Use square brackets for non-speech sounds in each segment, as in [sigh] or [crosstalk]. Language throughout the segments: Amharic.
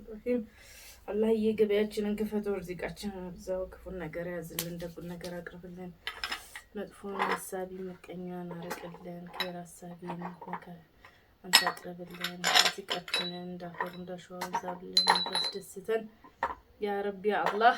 ረህማን ረሂም አላህ የገበያችንን ክፈት፣ ርዚቃችንን አብዛው፣ ክፉን ነገር ያዝልን፣ ደጉን ነገር አቅርብልን፣ መጥፎን ሀሳቢ ምቀኛን አርቅልን፣ ከይር ሀሳቢ አንተ አቅርብልን፣ ርዚቃችንን እንዳፈሩ እንዳሸዋ ብዛብልን፣ እንዳስደስተን ያ ረቢ አላህ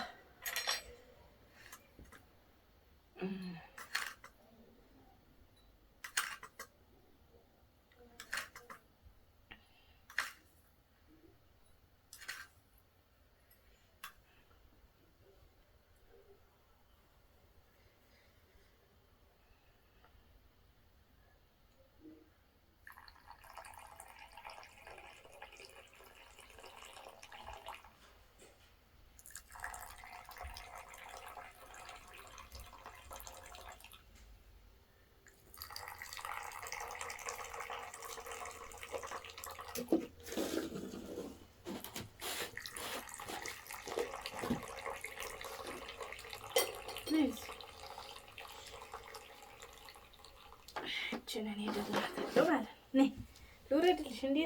እንዴ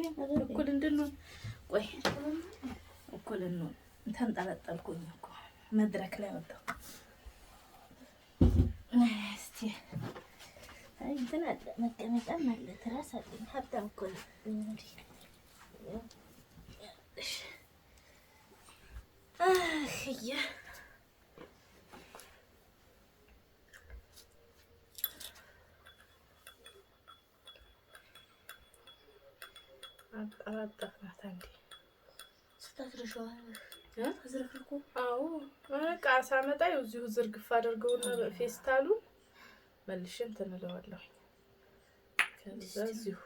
እኩል እንድንሆን ቆይ እኩል እንሆን ተንጠለጠልኩኝ እኮ መድረክ ላይ ወጣሁ። እስኪ እንትን አለ መቀመጫም አለ ትራስ አለ። ሀብታም እኮ ነው። እሺ አላጠፍናት አንዴ አዎ በቃ ሳመጣ እዚሁ ዝርግፍ መልሼ እንትን እለዋለሁ። ከዛ እዚሁ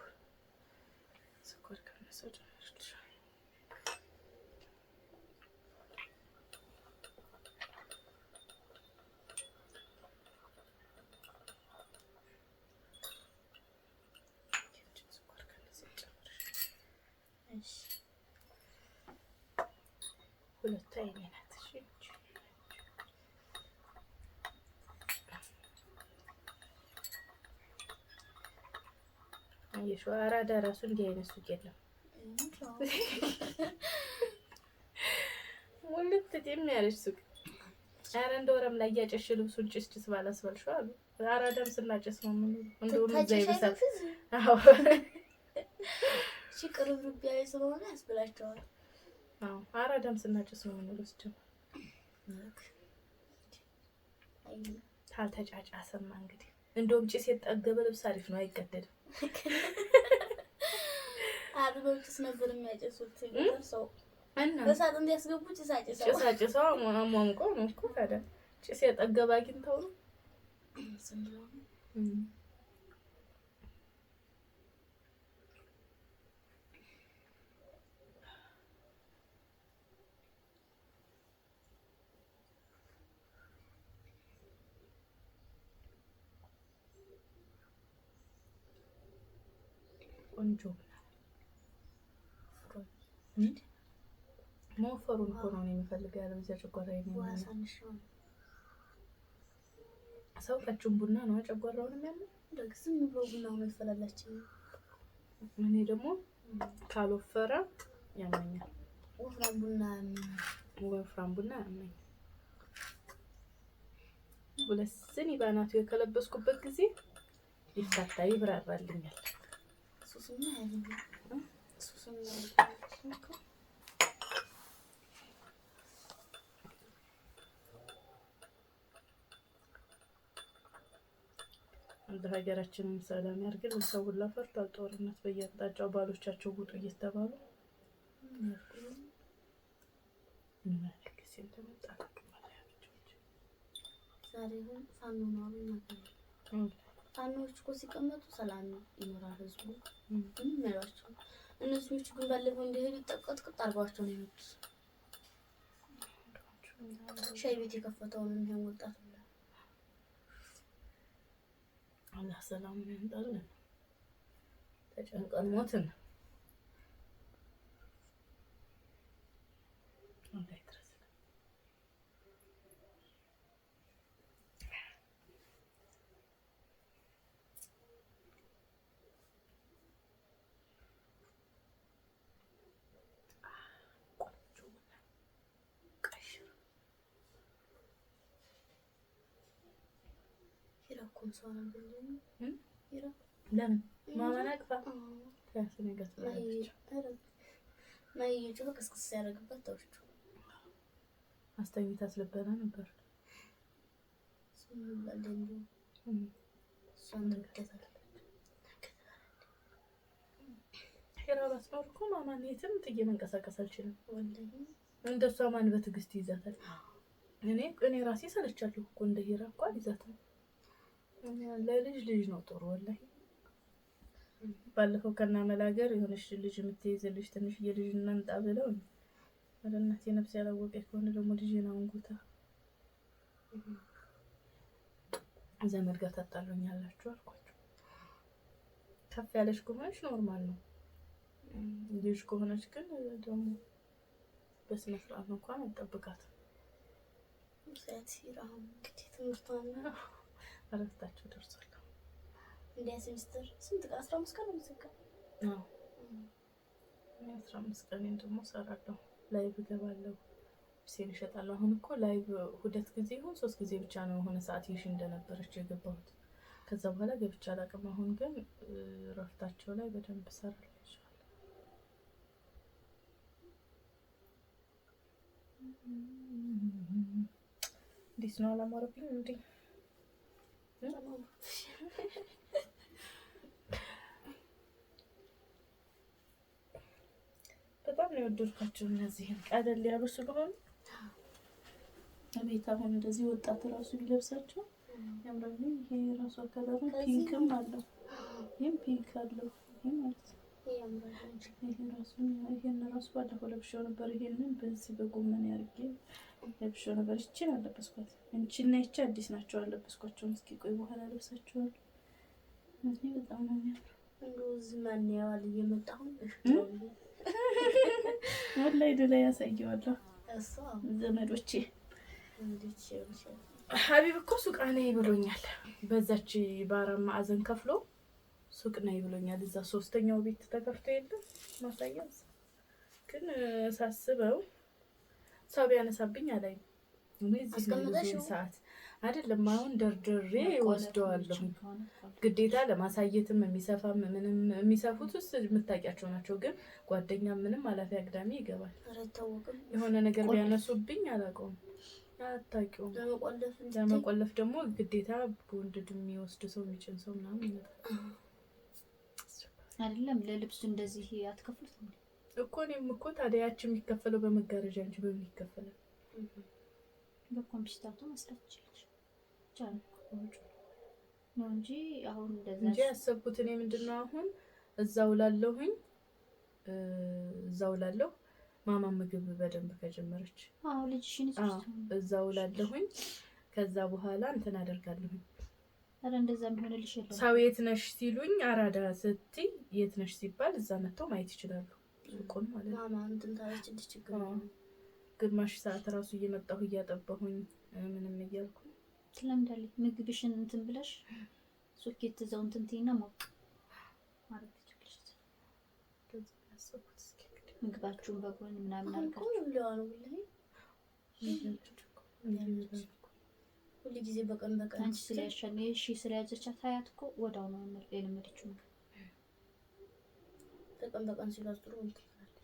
ስኳር ሁለቱ አይኔ ናት። አየሽው? አራዳ ራሱ እንዲህ አይነት ሱቅ የለም። ሙልት የሚያለች ሱቅ ኧረ እንደው ረም ላይ እያጨሽ ልብሱን ጭስ ጭስ አሉ። አራዳም ስናጨስ ነው የምንውለው። እንደውም እዛ ይብሳል። አዎ፣ ቅርብ ሩብ ስለሆነ ያስብላቸዋል። አራዳም ስናጭስ ነው የምንውለው። ሲጀምር ካልተጫጫሰማ እንግዲህ እንደውም ጭስ የጠገበ ልብስ አሪፍ ነው፣ አይቀደድም። አበባው ጭስ ነበር የሚያጨሱት ሰው እና በሳጥን እንዲያስገቡ ጭስ አጭሰው ጭስ ነው እኮ ታዲያ ጭስ የጠገበ አግኝተው ነው ቆንጆ መወፈሩን እኮ ነው የሚፈልገው ያለው እዚያ ጨጓራ ሰው ቀጭን ቡና ነው ጨጓራውን ያለው ዝም ብሎ ቡና ነው ይፈላላችሁ። እኔ ደግሞ ካልወፈረ ያመኛል። ወፍራም ቡና ወፍራም ቡና ያመኛል። ሁለት ስኒ ባናቱ የከለበስኩበት ጊዜ ይፈታ ይብራራልኛል። ሱስና እንደ ሀገራችንም ሰላም ያድርግልን። ሰው ሁላ ፈርቷል። ጦርነት በየአቅጣጫው ባሎቻቸው ውጡ እየተባሉ ዛሬ ግን ሳንኖሩ ነገር ፋኖዎች እኮ ሲቀመጡ ሰላም ይኖራል ህዝቡ ምንም አይሏቸው። እነዚህኞቹ ግን ባለፈው እንደሄዱ ጠቅጥቅጥ አርጓቸው ነው የመጡት። ሻይ ቤት የከፈተውን ይሄን ወጣት አላህ ሰላም ያምጣልን። ተጨንቀን ሞትን ቅስቅስ ያደርግበት ተውሽቹ አስተኝታ ስለበላ ነበር። ሄራ ባትኖር እኮ ማማን የትም ጥዬ መንቀሳቀስ አልችልም። እንደሷ ማን በትዕግስት ይይዛታል? እኔ እኔ ራሴ ሰለቻለሁ እኮ እንደ ሄራ እኮ አልይዛትም። ለልጅ ልጅ ነው ጥሩ ወላሂ። ባለፈው ከና መላገር የሆነች ልጅ የምትይዝ ልጅ ትንሽዬ ልጅ እናምጣ ብለው ወደ እናቴ ነፍስ ያላወቀች ከሆነ ደግሞ ልጅ ነው እንጉታ ዘመድ ጋር ታጣሉኝ ያላችሁ አልኳቸው። ከፍ ያለች ከሆነች ኖርማል ነው። ልጅ ከሆነች ግን ደግሞ በስነ ስርዓት እንኳን አይጠብቃትም። ትምህርቷ እረፍታቸው ደርሷል። እንዲያ ሴሚስተር ስንት ቀን? አስራ አምስት ቀን ነው የሚዘጋው። አስራ አምስት ቀን ደግሞ እሰራለሁ፣ ላይቭ እገባለሁ፣ ሴል እሸጣለሁ። አሁን እኮ ላይቭ ሁለት ጊዜ ይሁን ሶስት ጊዜ ብቻ ነው የሆነ ሰዓት ይሽ እንደነበረች የገባሁት። ከዛ በኋላ ገብቼ አላውቅም። አሁን ግን እረፍታቸው ላይ በደንብ እሰራለሁ። እንዴት ነው አላማረብኝ እንዴ? [laughs] በጣም ነው የወደድኳቸው። እነዚህን ቀለል ያሉ ስለሆኑ ቤት አሁን እንደዚህ ወጣት እራሱ ቢለብሳቸው ያምራሉ። ይሄ ራሱ አከዳሩ ፒንክም አለው፣ ይህም ፒንክ አለው። ይሄ ራሱ ይሄን ራሱ ባለፈው ለብሼው ነበር። ይሄንን በዚህ በጎመን ያርጌ ለብሾ ነበር። ይችን አለበስኳት። እንቺና ይቺ አዲስ ናቸው አለበስኳቸውም። እስኪ ቆይ በኋላ ለብሳቸዋል። እዚህ በጣም ነው የሚያምሩ። ሮዝ ማን ያዋል እየመጣሁ ወላይ ደላ ያሳየዋለሁ። ዘመዶቼ ሀቢብ እኮ ሱቅ ነይ ብሎኛል። በዛች በአራት ማዕዘን ከፍሎ ሱቅ ነይ ብሎኛል። እዛ ሶስተኛው ቤት ተከፍቶ የለም ማሳያ ግን ሳስበው ሰው ቢያነሳብኝ አላይም። ሰዓት አይደለም አሁን ደርድሬ ወስደዋለሁ። ግዴታ ለማሳየትም የሚሰፋም ምንም የሚሰፉት ውስጥ የምታውቂያቸው ናቸው። ግን ጓደኛ ምንም አላፊ አግዳሚ ይገባል። የሆነ ነገር ቢያነሱብኝ አላውቀውም፣ አታውቂውም። ለመቆለፍ ደግሞ ግዴታ በወንድድ የሚወስድ ሰው የሚጭን ሰው ምናምን አይደለም። ለልብሱ እንደዚህ አትከፍሉት እኮ እኔም እኮ ታዲያ የሚከፈለው በመጋረጃ እንጂ በምን ይከፈላል? በኮምፒውተር መስራት ይችላል ነው እንጂ አሁን እንደዛ እንጂ ያሰብኩት እኔ ምንድነው አሁን እዛው ላለሁኝ እዛው ላለሁ ማማ ምግብ በደንብ ከጀመረች አዎ ልጅሽን እዛው ላለሁኝ ከዛ በኋላ እንትን አደርጋለሁ አረ እንደዛም ቢሆንልሽ ሰው የት ነሽ ሲሉኝ አራዳ ስትይ የት ነሽ ሲባል እዛ መጥተው ማየት ይችላሉ። ማለት ግማሽ ሰዓት እራሱ እየመጣሁ እያጠባሁኝ ምንም እያልኩ ትለምዳለች። ምግብሽን እንትን ብለሽ ሶኬት እዛው እንትን ትይና ሞቅ ምግባችሁን በጎን ምናምን አድርጋችሁ ሁሉ ጊዜ በቀን በቀን አንቺ ስለያሻል ይሄ ሺ ስለያዘቻት ሀያት እኮ ወዳው ነው የለመደችው ምግብ በቀን በቀን ሲላስጥሩ እንትላለች።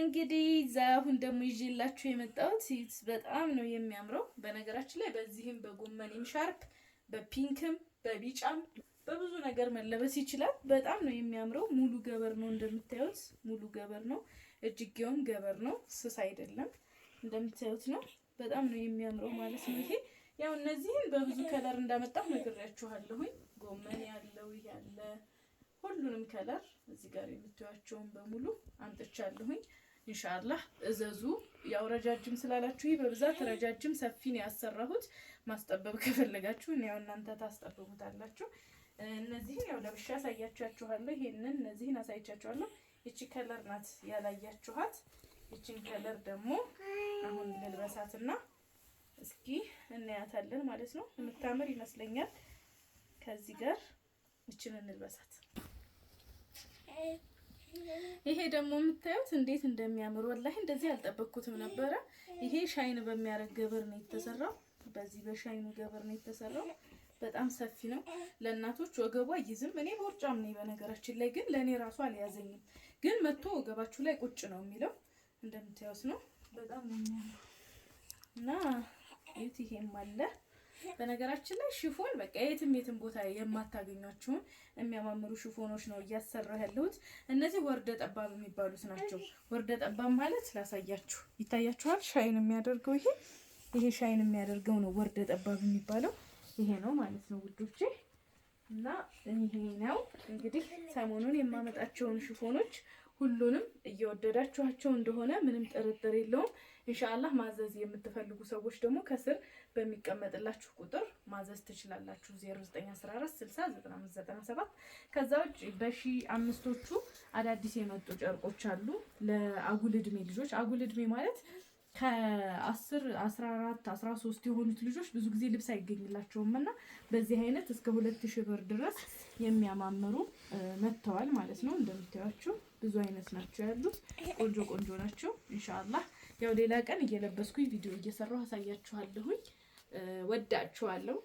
እንግዲህ እዛ አሁን ደግሞ ይዤላችሁ የመጣሁት በጣም ነው የሚያምረው። በነገራችን ላይ በዚህም በጎመኔም ሻርፕ በፒንክም በቢጫም በብዙ ነገር መለበስ ይችላል። በጣም ነው የሚያምረው። ሙሉ ገበር ነው እንደምታዩት፣ ሙሉ ገበር ነው። እጅጌውም ገበር ነው፣ ስስ አይደለም። እንደምታዩት ነው። በጣም ነው የሚያምረው ማለት ነው ይሄ ያው እነዚህን በብዙ ከለር እንዳመጣሁ ነግሬያችኋለሁኝ። ጎመን ያለው ያለ ሁሉንም ከለር እዚህ ጋር የምታዩቸውን በሙሉ አምጥቻለሁኝ። ኢንሻአላህ እዘዙ። ያው ረጃጅም ስላላችሁ በብዛት ረጃጅም ሰፊን ያሰራሁት ማስጠበብ ከፈለጋችሁ ያው እናንተ ታስጠብቡታላችሁ። እነዚህን ያው ለብሻ አሳያችኋለሁ። ይሄንን እነዚህን አሳይቻችኋለሁ። ይቺ ከለር ናት ያላያችኋት። ይቺን ከለር ደግሞ አሁን ልልበሳትና እስኪ እናያታለን ማለት ነው። የምታምር ይመስለኛል። ከዚህ ጋር እችን እንልበሳት። ይሄ ደግሞ የምታዩት እንዴት እንደሚያምር ወላሂ እንደዚህ አልጠበቅኩትም ነበረ። ይሄ ሻይን በሚያደርግ ገበር ነው የተሰራው። በዚህ በሻይን ገበር ነው የተሰራው። በጣም ሰፊ ነው። ለእናቶች ወገቡ አይዝም። እኔ ቦርጫም ነኝ በነገራችን ላይ ግን ለእኔ ራሱ አልያዘኝም። ግን መጥቶ ወገባችሁ ላይ ቁጭ ነው የሚለው እንደምታዩት ነው። በጣም ነው የሚያምር እና እዩት። ይሄም አለ። በነገራችን ላይ ሽፎን በቃ የትም የትም ቦታ የማታገኛቸውን የሚያማምሩ ሽፎኖች ነው እያሰራሁ ያለሁት። እነዚህ ወርደ ጠባብ የሚባሉት ናቸው። ወርደ ጠባብ ማለት ላሳያችሁ፣ ይታያችኋል። ሻይን የሚያደርገው ይሄ ይሄ ሻይን የሚያደርገው ነው ወርደ ጠባብ የሚባለው ይሄ ነው ማለት ነው ውዶቼ። እና ይሄ ነው እንግዲህ ሰሞኑን የማመጣቸውን ሽፎኖች ሁሉንም እየወደዳችኋቸው እንደሆነ ምንም ጥርጥር የለውም። እንሻአላህ ማዘዝ የምትፈልጉ ሰዎች ደግሞ ከስር በሚቀመጥላችሁ ቁጥር ማዘዝ ትችላላችሁ። 0914609597 ከዛ ውጭ በሺ አምስቶቹ አዳዲስ የመጡ ጨርቆች አሉ ለአጉል እድሜ ልጆች። አጉል እድሜ ማለት ከአስር አስራ አራት አስራ ሶስት የሆኑት ልጆች ብዙ ጊዜ ልብስ አይገኝላቸውም እና በዚህ አይነት እስከ ሁለት ሺህ ብር ድረስ የሚያማምሩ መጥተዋል ማለት ነው። እንደምታያቸው ብዙ አይነት ናቸው ያሉት፣ ቆንጆ ቆንጆ ናቸው። እንሻላ ያው ሌላ ቀን እየለበስኩኝ ቪዲዮ እየሰራሁ አሳያችኋለሁኝ። ወዳችኋለሁ።